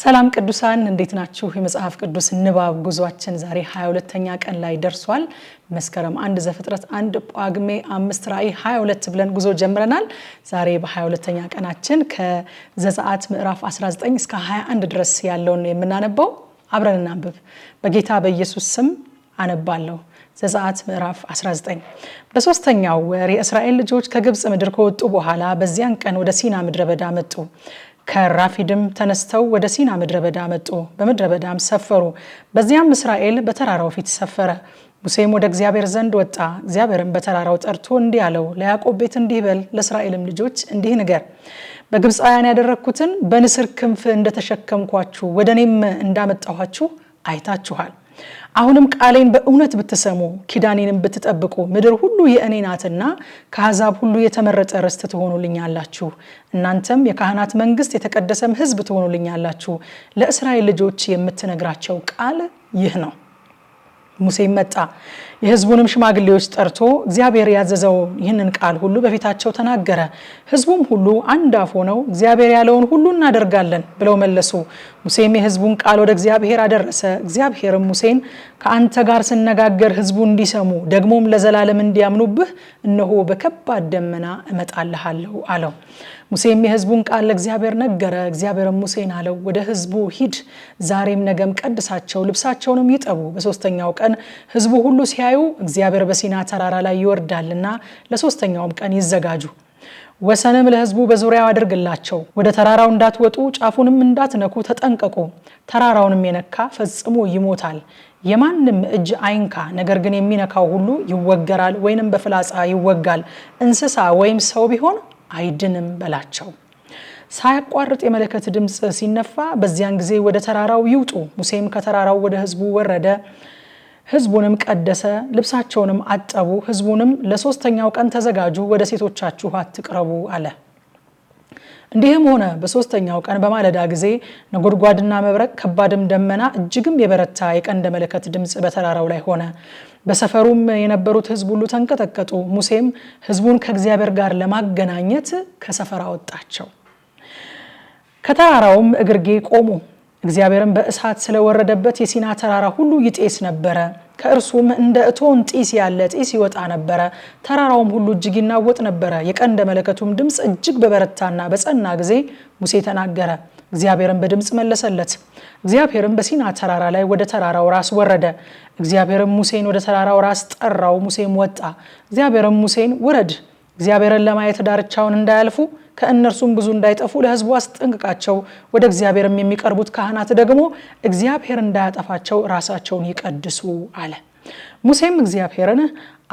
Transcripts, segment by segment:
ሰላም ቅዱሳን እንዴት ናችሁ? የመጽሐፍ ቅዱስ ንባብ ጉዟችን ዛሬ 22ተኛ ቀን ላይ ደርሷል። መስከረም አንድ ዘፍጥረት አንድ ጳጉሜ አምስት ራእይ 22 ብለን ጉዞ ጀምረናል። ዛሬ በ22ተኛ ቀናችን ከዘፀአት ምዕራፍ 19 እስከ 21 ድረስ ያለውን የምናነበው አብረን እናንብብ። በጌታ በኢየሱስ ስም አነባለሁ። ዘፀአት ምዕራፍ 19 በሶስተኛው ወር የእስራኤል ልጆች ከግብፅ ምድር ከወጡ በኋላ በዚያን ቀን ወደ ሲና ምድረ በዳ መጡ። ከራፊድም ተነስተው ወደ ሲና ምድረ በዳ መጡ። በምድረ በዳም ሰፈሩ። በዚያም እስራኤል በተራራው ፊት ሰፈረ። ሙሴም ወደ እግዚአብሔር ዘንድ ወጣ። እግዚአብሔርም በተራራው ጠርቶ እንዲህ አለው፣ ለያዕቆብ ቤት እንዲህ በል፣ ለእስራኤልም ልጆች እንዲህ ንገር፣ በግብፃውያን ያደረግኩትን በንስር ክንፍ እንደተሸከምኳችሁ ወደ እኔም እንዳመጣኋችሁ አይታችኋል። አሁንም ቃሌን በእውነት ብትሰሙ ኪዳኔንም ብትጠብቁ ምድር ሁሉ የእኔ ናትና ከአሕዛብ ሁሉ የተመረጠ ርስት ትሆኑልኛላችሁ። እናንተም የካህናት መንግስት፣ የተቀደሰም ሕዝብ ትሆኑልኛላችሁ። ለእስራኤል ልጆች የምትነግራቸው ቃል ይህ ነው። ሙሴም መጣ የህዝቡንም ሽማግሌዎች ጠርቶ እግዚአብሔር ያዘዘው ይህንን ቃል ሁሉ በፊታቸው ተናገረ። ህዝቡም ሁሉ አንድ አፍ ሆነው እግዚአብሔር ያለውን ሁሉ እናደርጋለን ብለው መለሱ። ሙሴም የህዝቡን ቃል ወደ እግዚአብሔር አደረሰ። እግዚአብሔርም ሙሴን ከአንተ ጋር ስነጋገር ህዝቡ እንዲሰሙ ደግሞም ለዘላለም እንዲያምኑብህ እነሆ በከባድ ደመና እመጣልሃለሁ አለው። ሙሴም የህዝቡን ቃል ለእግዚአብሔር ነገረ። እግዚአብሔርም ሙሴን አለው፣ ወደ ህዝቡ ሂድ፣ ዛሬም ነገም ቀድሳቸው፣ ልብሳቸውንም ይጠቡ። በሶስተኛው ቀን ህዝቡ ሁሉ ሲያ ሲያዩ እግዚአብሔር በሲና ተራራ ላይ ይወርዳልና ለሶስተኛውም ቀን ይዘጋጁ። ወሰንም ለሕዝቡ በዙሪያው አድርግላቸው። ወደ ተራራው እንዳትወጡ ጫፉንም እንዳትነኩ ተጠንቀቁ። ተራራውንም የነካ ፈጽሞ ይሞታል። የማንም እጅ አይንካ፣ ነገር ግን የሚነካው ሁሉ ይወገራል ወይንም በፍላጻ ይወጋል። እንስሳ ወይም ሰው ቢሆን አይድንም በላቸው። ሳያቋርጥ የመለከት ድምፅ ሲነፋ በዚያን ጊዜ ወደ ተራራው ይውጡ። ሙሴም ከተራራው ወደ ሕዝቡ ወረደ። ህዝቡንም ቀደሰ፣ ልብሳቸውንም አጠቡ። ህዝቡንም ለሶስተኛው ቀን ተዘጋጁ፣ ወደ ሴቶቻችሁ አትቅረቡ አለ። እንዲህም ሆነ። በሶስተኛው ቀን በማለዳ ጊዜ ነጎድጓድና መብረቅ፣ ከባድም ደመና፣ እጅግም የበረታ የቀንደ መለከት ድምፅ በተራራው ላይ ሆነ። በሰፈሩም የነበሩት ህዝብ ሁሉ ተንቀጠቀጡ። ሙሴም ህዝቡን ከእግዚአብሔር ጋር ለማገናኘት ከሰፈራ ወጣቸው። ከተራራውም እግርጌ ቆሙ። እግዚአብሔርም በእሳት ስለወረደበት የሲና ተራራ ሁሉ ይጤስ ነበረ። ከእርሱም እንደ እቶን ጢስ ያለ ጢስ ይወጣ ነበረ። ተራራውም ሁሉ እጅግ ይናወጥ ነበረ። የቀንደ መለከቱም ድምፅ እጅግ በበረታና በጸና ጊዜ ሙሴ ተናገረ፣ እግዚአብሔርም በድምፅ መለሰለት። እግዚአብሔርም በሲና ተራራ ላይ ወደ ተራራው ራስ ወረደ። እግዚአብሔርም ሙሴን ወደ ተራራው ራስ ጠራው፣ ሙሴም ወጣ። እግዚአብሔርም ሙሴን ውረድ እግዚአብሔርን ለማየት ዳርቻውን እንዳያልፉ ከእነርሱም ብዙ እንዳይጠፉ ለሕዝቡ አስጠንቅቃቸው። ወደ እግዚአብሔርም የሚቀርቡት ካህናት ደግሞ እግዚአብሔር እንዳያጠፋቸው ራሳቸውን ይቀድሱ አለ። ሙሴም እግዚአብሔርን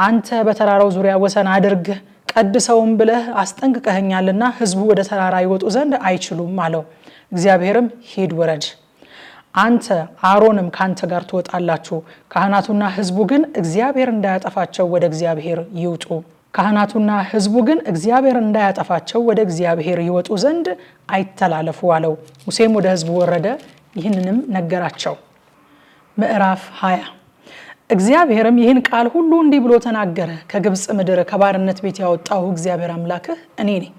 አንተ በተራራው ዙሪያ ወሰን አድርግ ቀድሰውም ብለህ አስጠንቅቀኸኛልና ሕዝቡ ወደ ተራራ ይወጡ ዘንድ አይችሉም አለው። እግዚአብሔርም ሂድ ውረድ አንተ አሮንም ከአንተ ጋር ትወጣላችሁ፣ ካህናቱና ህዝቡ ግን እግዚአብሔር እንዳያጠፋቸው ወደ እግዚአብሔር ይውጡ ካህናቱና ሕዝቡ ግን እግዚአብሔር እንዳያጠፋቸው ወደ እግዚአብሔር ይወጡ ዘንድ አይተላለፉ አለው። ሙሴም ወደ ሕዝቡ ወረደ፣ ይህንንም ነገራቸው። ምዕራፍ 20 እግዚአብሔርም ይህን ቃል ሁሉ እንዲህ ብሎ ተናገረ። ከግብፅ ምድር ከባርነት ቤት ያወጣሁ እግዚአብሔር አምላክህ እኔ ነኝ።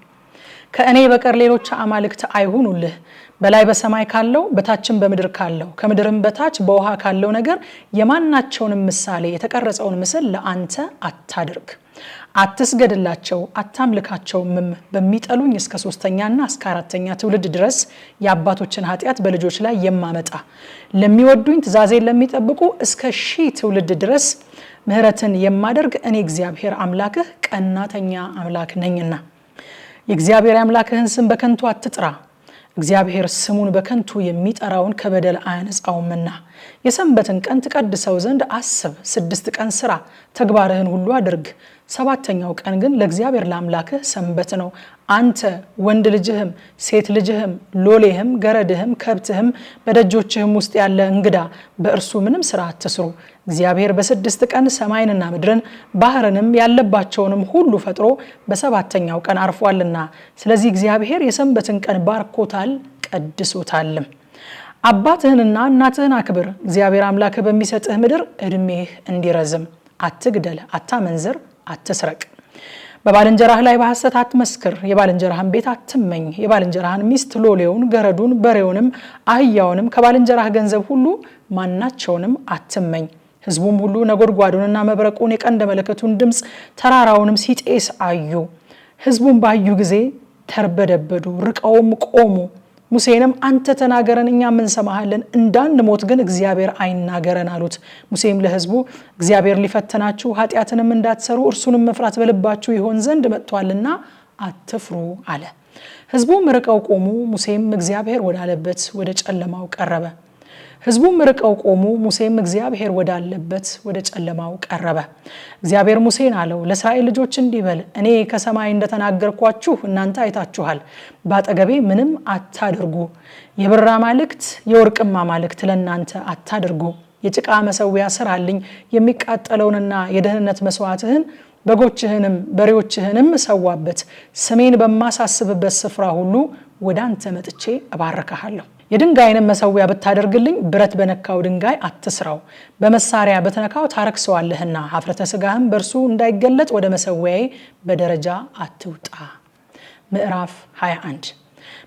ከእኔ በቀር ሌሎች አማልክት አይሁኑልህ። በላይ በሰማይ ካለው በታችም በምድር ካለው ከምድርም በታች በውሃ ካለው ነገር የማናቸውንም ምሳሌ የተቀረጸውን ምስል ለአንተ አታድርግ። አትስገድላቸው አታምልካቸውምም በሚጠሉኝ እስከ ሶስተኛና እስከ አራተኛ ትውልድ ድረስ የአባቶችን ኃጢአት በልጆች ላይ የማመጣ ለሚወዱኝ ትእዛዜን ለሚጠብቁ እስከ ሺህ ትውልድ ድረስ ምሕረትን የማደርግ እኔ እግዚአብሔር አምላክህ ቀናተኛ አምላክ ነኝና። የእግዚአብሔር አምላክህን ስም በከንቱ አትጥራ እግዚአብሔር ስሙን በከንቱ የሚጠራውን ከበደል አያነጻውምና የሰንበትን ቀን ትቀድሰው ዘንድ አስብ። ስድስት ቀን ስራ፣ ተግባርህን ሁሉ አድርግ። ሰባተኛው ቀን ግን ለእግዚአብሔር ለአምላክህ ሰንበት ነው። አንተ ወንድ ልጅህም ሴት ልጅህም ሎሌህም ገረድህም ከብትህም በደጆችህም ውስጥ ያለ እንግዳ በእርሱ ምንም ስራ አትስሩ። እግዚአብሔር በስድስት ቀን ሰማይንና ምድርን ባህርንም ያለባቸውንም ሁሉ ፈጥሮ በሰባተኛው ቀን አርፏልና፣ ስለዚህ እግዚአብሔር የሰንበትን ቀን ባርኮታል ቀድሶታልም። አባትህንና እናትህን አክብር፣ እግዚአብሔር አምላክህ በሚሰጥህ ምድር እድሜህ እንዲረዝም። አትግደል፣ አታመንዝር፣ አትስረቅ። በባልንጀራህ ላይ በሐሰት አትመስክር። የባልንጀራህን ቤት አትመኝ። የባልንጀራህን ሚስት፣ ሎሌውን፣ ገረዱን፣ በሬውንም፣ አህያውንም ከባልንጀራህ ገንዘብ ሁሉ ማናቸውንም አትመኝ። ህዝቡም ሁሉ ነጎድጓዱንና መብረቁን የቀንደ መለከቱን ድምፅ ተራራውንም ሲጤስ አዩ። ህዝቡም ባዩ ጊዜ ተርበደበዱ፣ ርቀውም ቆሙ። ሙሴንም አንተ ተናገረን እኛም እንሰማሃለን፣ እንዳንሞት ግን እግዚአብሔር አይናገረን አሉት። ሙሴም ለህዝቡ እግዚአብሔር ሊፈተናችሁ ኃጢአትንም እንዳትሰሩ እርሱንም መፍራት በልባችሁ ይሆን ዘንድ መጥቷልና አትፍሩ አለ። ህዝቡም ርቀው ቆሙ። ሙሴም እግዚአብሔር ወዳለበት ወደ ጨለማው ቀረበ። ህዝቡም ርቀው ቆሙ። ሙሴም እግዚአብሔር ወዳለበት ወደ ጨለማው ቀረበ። እግዚአብሔር ሙሴን አለው፣ ለእስራኤል ልጆች እንዲህ በል፣ እኔ ከሰማይ እንደተናገርኳችሁ እናንተ አይታችኋል። በአጠገቤ ምንም አታድርጉ። የብር አማልክት የወርቅም አማልክት ለእናንተ አታድርጉ። የጭቃ መሰዊያ ስራልኝ፣ የሚቃጠለውንና የደህንነት መስዋዕትህን በጎችህንም በሬዎችህንም ሰዋበት። ስሜን በማሳስብበት ስፍራ ሁሉ ወደ አንተ መጥቼ እባርክሃለሁ። የድንጋይንም መሰዊያ ብታደርግልኝ ብረት በነካው ድንጋይ አትስራው፣ በመሳሪያ በተነካው ታረክሰዋለህና ሀፍረተ ስጋህም በእርሱ እንዳይገለጥ ወደ መሰዊያዬ በደረጃ አትውጣ። ምዕራፍ 21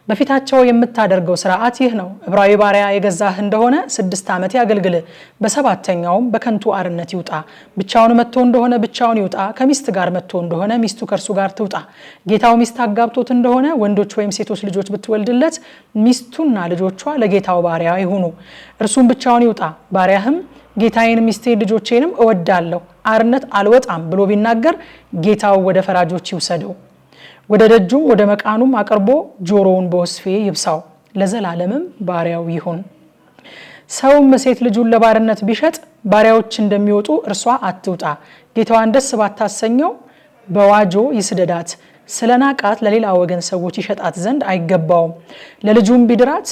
በፊታቸው የምታደርገው ስርዓት ይህ ነው። ዕብራዊ ባሪያ የገዛህ እንደሆነ ስድስት ዓመት ያገልግል፣ በሰባተኛውም በከንቱ አርነት ይውጣ። ብቻውን መጥቶ እንደሆነ ብቻውን ይውጣ፣ ከሚስት ጋር መጥቶ እንደሆነ ሚስቱ ከእርሱ ጋር ትውጣ። ጌታው ሚስት አጋብቶት እንደሆነ ወንዶች ወይም ሴቶች ልጆች ብትወልድለት ሚስቱና ልጆቿ ለጌታው ባሪያ ይሁኑ፣ እርሱም ብቻውን ይውጣ። ባሪያህም ጌታዬን ሚስቴን ልጆቼንም እወዳለሁ፣ አርነት አልወጣም ብሎ ቢናገር ጌታው ወደ ፈራጆች ይውሰደው። ወደ ደጁም ወደ መቃኑም አቅርቦ ጆሮውን በወስፌ ይብሳው፣ ለዘላለምም ባሪያው ይሁን። ሰውም ሴት ልጁን ለባርነት ቢሸጥ ባሪያዎች እንደሚወጡ እርሷ አትውጣ። ጌታዋን ደስ ባታሰኘው በዋጆ ይስደዳት። ስለ ናቃት ለሌላ ወገን ሰዎች ይሸጣት ዘንድ አይገባውም። ለልጁም ቢድራት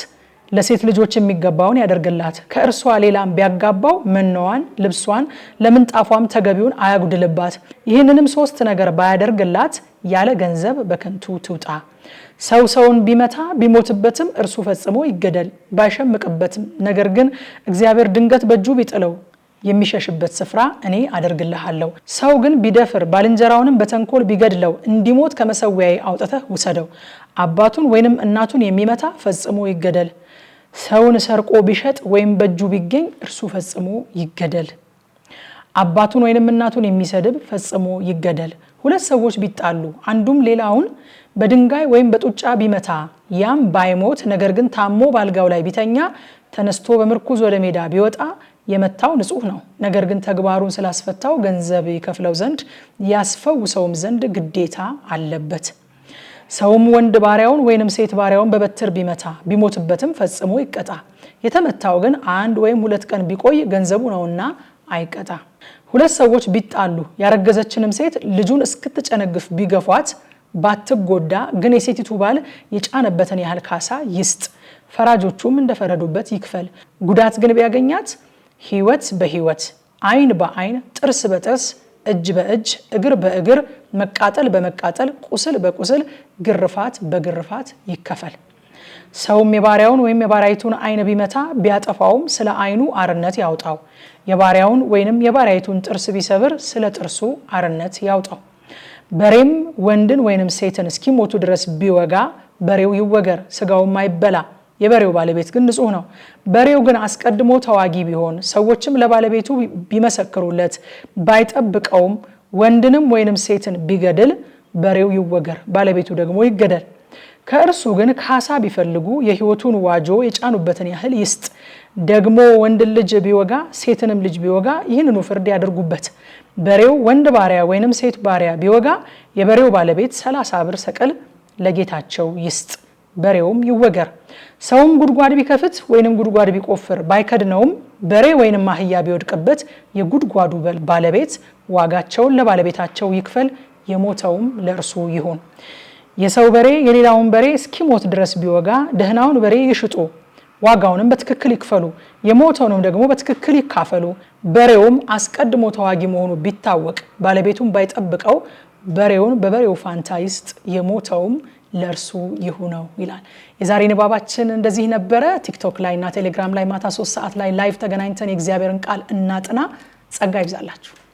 ለሴት ልጆች የሚገባውን ያደርግላት፣ ከእርሷ ሌላም ቢያጋባው መነዋን፣ ልብሷን፣ ለምንጣፏም ተገቢውን አያጉድልባት። ይህንንም ሶስት ነገር ባያደርግላት ያለ ገንዘብ በከንቱ ትውጣ። ሰው ሰውን ቢመታ ቢሞትበትም እርሱ ፈጽሞ ይገደል፣ ባይሸምቅበትም፣ ነገር ግን እግዚአብሔር ድንገት በእጁ ቢጥለው የሚሸሽበት ስፍራ እኔ አደርግልሃለሁ። ሰው ግን ቢደፍር ባልንጀራውንም በተንኮል ቢገድለው እንዲሞት ከመሰዊያዬ አውጥተህ ውሰደው። አባቱን ወይንም እናቱን የሚመታ ፈጽሞ ይገደል። ሰውን ሰርቆ ቢሸጥ ወይም በእጁ ቢገኝ እርሱ ፈጽሞ ይገደል። አባቱን ወይንም እናቱን የሚሰድብ ፈጽሞ ይገደል። ሁለት ሰዎች ቢጣሉ አንዱም ሌላውን በድንጋይ ወይም በጡጫ ቢመታ ያም ባይሞት ነገር ግን ታሞ በአልጋው ላይ ቢተኛ ተነስቶ በምርኩዝ ወደ ሜዳ ቢወጣ የመታው ንጹሕ ነው። ነገር ግን ተግባሩን ስላስፈታው ገንዘብ ይከፍለው ዘንድ ያስፈውሰውም ዘንድ ግዴታ አለበት። ሰውም ወንድ ባሪያውን ወይንም ሴት ባሪያውን በበትር ቢመታ ቢሞትበትም ፈጽሞ ይቀጣ። የተመታው ግን አንድ ወይም ሁለት ቀን ቢቆይ ገንዘቡ ነውና አይቀጣ። ሁለት ሰዎች ቢጣሉ ያረገዘችንም ሴት ልጁን እስክትጨነግፍ ቢገፏት ባትጎዳ ግን የሴቲቱ ባል የጫነበትን ያህል ካሳ ይስጥ። ፈራጆቹም እንደፈረዱበት ይክፈል። ጉዳት ግን ቢያገኛት ሕይወት በሕይወት ዓይን በዓይን ጥርስ በጥርስ እጅ በእጅ እግር በእግር መቃጠል በመቃጠል ቁስል በቁስል ግርፋት በግርፋት ይከፈል። ሰውም የባሪያውን ወይም የባሪያይቱን ዓይን ቢመታ ቢያጠፋውም ስለ ዓይኑ አርነት ያውጣው። የባሪያውን ወይንም የባሪያይቱን ጥርስ ቢሰብር ስለ ጥርሱ አርነት ያውጣው። በሬም ወንድን ወይንም ሴትን እስኪሞቱ ድረስ ቢወጋ በሬው ይወገር፣ ስጋውም አይበላ። የበሬው ባለቤት ግን ንጹህ ነው። በሬው ግን አስቀድሞ ተዋጊ ቢሆን ሰዎችም ለባለቤቱ ቢመሰክሩለት ባይጠብቀውም ወንድንም ወይንም ሴትን ቢገድል በሬው ይወገር፣ ባለቤቱ ደግሞ ይገደል። ከእርሱ ግን ካሳ ቢፈልጉ የሕይወቱን ዋጆ የጫኑበትን ያህል ይስጥ። ደግሞ ወንድ ልጅ ቢወጋ ሴትንም ልጅ ቢወጋ ይህንኑ ፍርድ ያደርጉበት። በሬው ወንድ ባሪያ ወይንም ሴት ባሪያ ቢወጋ የበሬው ባለቤት ሰላሳ ብር ሰቅል ለጌታቸው ይስጥ፣ በሬውም ይወገር። ሰውም ጉድጓድ ቢከፍት ወይንም ጉድጓድ ቢቆፍር ባይከድነውም በሬ ወይንም አህያ ቢወድቅበት የጉድጓዱ ባለቤት ዋጋቸውን ለባለቤታቸው ይክፈል፣ የሞተውም ለእርሱ ይሁን። የሰው በሬ የሌላውን በሬ እስኪሞት ድረስ ቢወጋ ደህናውን በሬ ይሽጡ፣ ዋጋውንም በትክክል ይክፈሉ፣ የሞተውንም ደግሞ በትክክል ይካፈሉ። በሬውም አስቀድሞ ተዋጊ መሆኑ ቢታወቅ ባለቤቱን ባይጠብቀው በሬውን በበሬው ፋንታ ይስጥ፣ የሞተውም ለእርሱ ይሁነው ይላል። የዛሬ ንባባችን እንደዚህ ነበረ። ቲክቶክ ላይ እና ቴሌግራም ላይ ማታ ሶስት ሰዓት ላይ ላይቭ ተገናኝተን የእግዚአብሔርን ቃል እናጥና። ጸጋ ይብዛላችሁ።